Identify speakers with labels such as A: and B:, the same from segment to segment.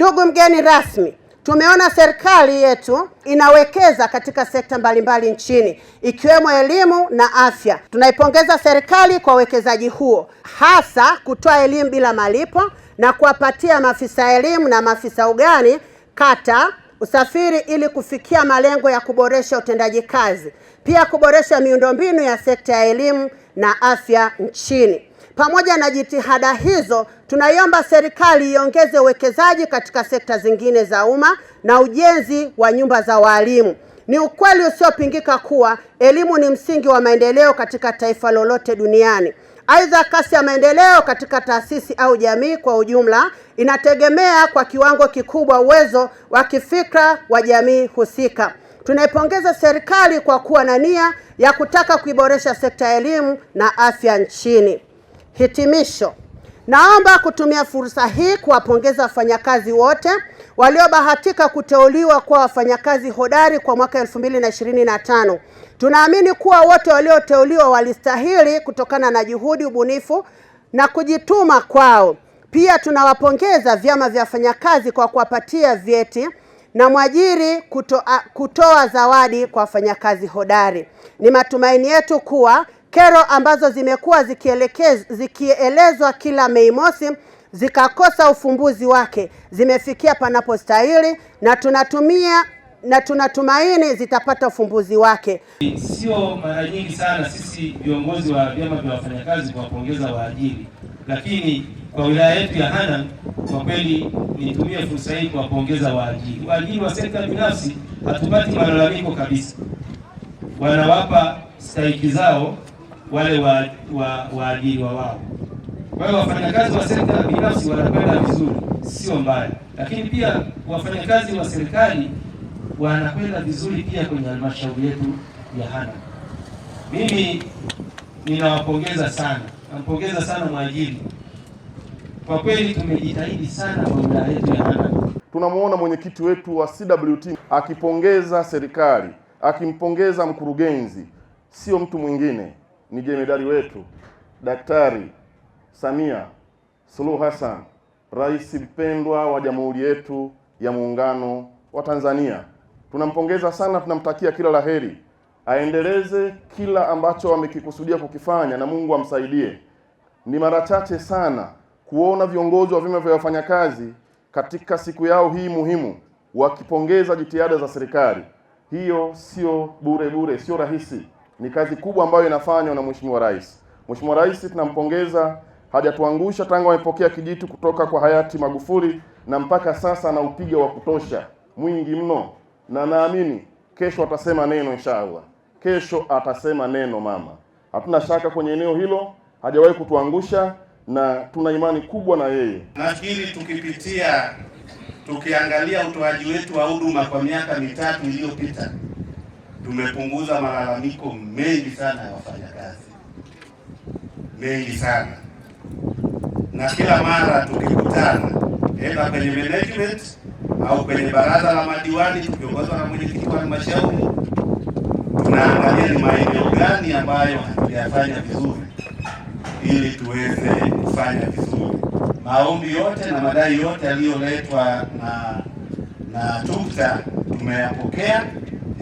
A: Ndugu mgeni rasmi, tumeona serikali yetu inawekeza katika sekta mbalimbali nchini ikiwemo elimu na afya. Tunaipongeza serikali kwa uwekezaji huo, hasa kutoa elimu bila malipo na kuwapatia maafisa elimu na maafisa ugani kata usafiri ili kufikia malengo ya kuboresha utendaji kazi, pia kuboresha miundombinu ya sekta ya elimu na afya nchini. Pamoja na jitihada hizo, tunaiomba serikali iongeze uwekezaji katika sekta zingine za umma na ujenzi wa nyumba za walimu. Ni ukweli usiopingika kuwa elimu ni msingi wa maendeleo katika taifa lolote duniani. Aidha, kasi ya maendeleo katika taasisi au jamii kwa ujumla inategemea kwa kiwango kikubwa uwezo wa kifikra wa jamii husika. Tunaipongeza serikali kwa kuwa na nia ya kutaka kuiboresha sekta ya elimu na afya nchini. Hitimisho, naomba kutumia fursa hii kuwapongeza wafanyakazi wote waliobahatika kuteuliwa kuwa wafanyakazi hodari kwa mwaka 2025. Tunaamini kuwa wote walioteuliwa walistahili kutokana na juhudi, ubunifu na kujituma kwao. Pia tunawapongeza vyama vya wafanyakazi kwa kuwapatia vyeti na mwajiri kutoa, kutoa zawadi kwa wafanyakazi hodari. Ni matumaini yetu kuwa kero ambazo zimekuwa zikielezwa kila Mei Mosi zikakosa ufumbuzi wake zimefikia panapostahili na tunatumia na tunatumaini zitapata ufumbuzi wake.
B: Sio mara nyingi sana sisi viongozi wa vyama vya wafanyakazi kuwapongeza waajiri, lakini kwa wilaya yetu ya Hanang' kwa kweli nitumie fursa hii kuwapongeza waajiri. Waajiri wa sekta binafsi hatupati malalamiko kabisa, wanawapa stahiki zao wale waajiriwa wa, wa wao. Kwa hiyo wafanyakazi wa sekta binafsi wanakwenda vizuri, sio mbaya, lakini pia wafanyakazi wa serikali wanakwenda vizuri pia kwenye halmashauri yetu ya Hanang'. Mimi ninawapongeza sana, nampongeza sana mwajiri kwa kweli, tumejitahidi sana kwa wilaya yetu ya Hanang'.
C: Tunamwona mwenyekiti wetu wa CWT akipongeza serikali, akimpongeza mkurugenzi, sio mtu mwingine ni jemedari wetu Daktari Samia Suluhu Hassan, rais mpendwa wa jamhuri yetu ya muungano wa Tanzania. Tunampongeza sana, tunamtakia kila laheri, aendeleze kila ambacho amekikusudia kukifanya na Mungu amsaidie. Ni mara chache sana kuona viongozi wa vyama vya wafanyakazi katika siku yao hii muhimu wakipongeza jitihada za serikali. Hiyo sio bure bure, sio rahisi ni kazi kubwa ambayo inafanywa na Mheshimiwa Rais. Mheshimiwa Rais tunampongeza, hajatuangusha tangu amepokea kijiti kutoka kwa hayati Magufuli, na mpaka sasa ana upiga wa kutosha mwingi mno, na naamini kesho atasema neno inshaallah. Kesho atasema neno mama, hatuna shaka kwenye eneo hilo, hajawahi kutuangusha na tuna imani kubwa na yeye.
D: Nafikiri tukipitia tukiangalia utoaji wetu wa huduma kwa miaka mitatu iliyopita tumepunguza malalamiko mengi sana ya wafanyakazi, mengi sana na kila mara tukikutana, enda kwenye management au kwenye baraza la madiwani tukiongozwa na mwenyekiti wa halmashauri, tunaangalia ni maeneo gani ambayo hatujafanya vizuri ili tuweze kufanya vizuri. Maombi yote na madai yote yaliyoletwa na na tukta tumeyapokea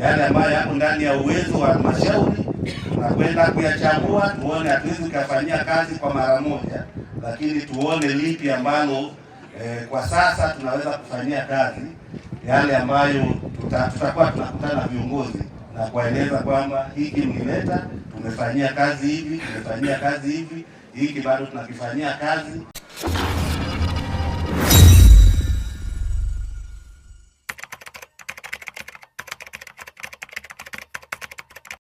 D: yale ambayo yapo ndani ya uwezo wa halmashauri tunakwenda kuyachambua, tuone hatuwezi kuyafanyia kazi kwa mara moja, lakini tuone lipi ambalo eh, kwa sasa tunaweza kufanyia kazi yale ambayo tuta, tutakuwa tunakutana na viongozi na kuwaeleza kwamba hiki mlileta, tumefanyia kazi hivi, tumefanyia kazi hivi, hiki bado tunakifanyia kazi.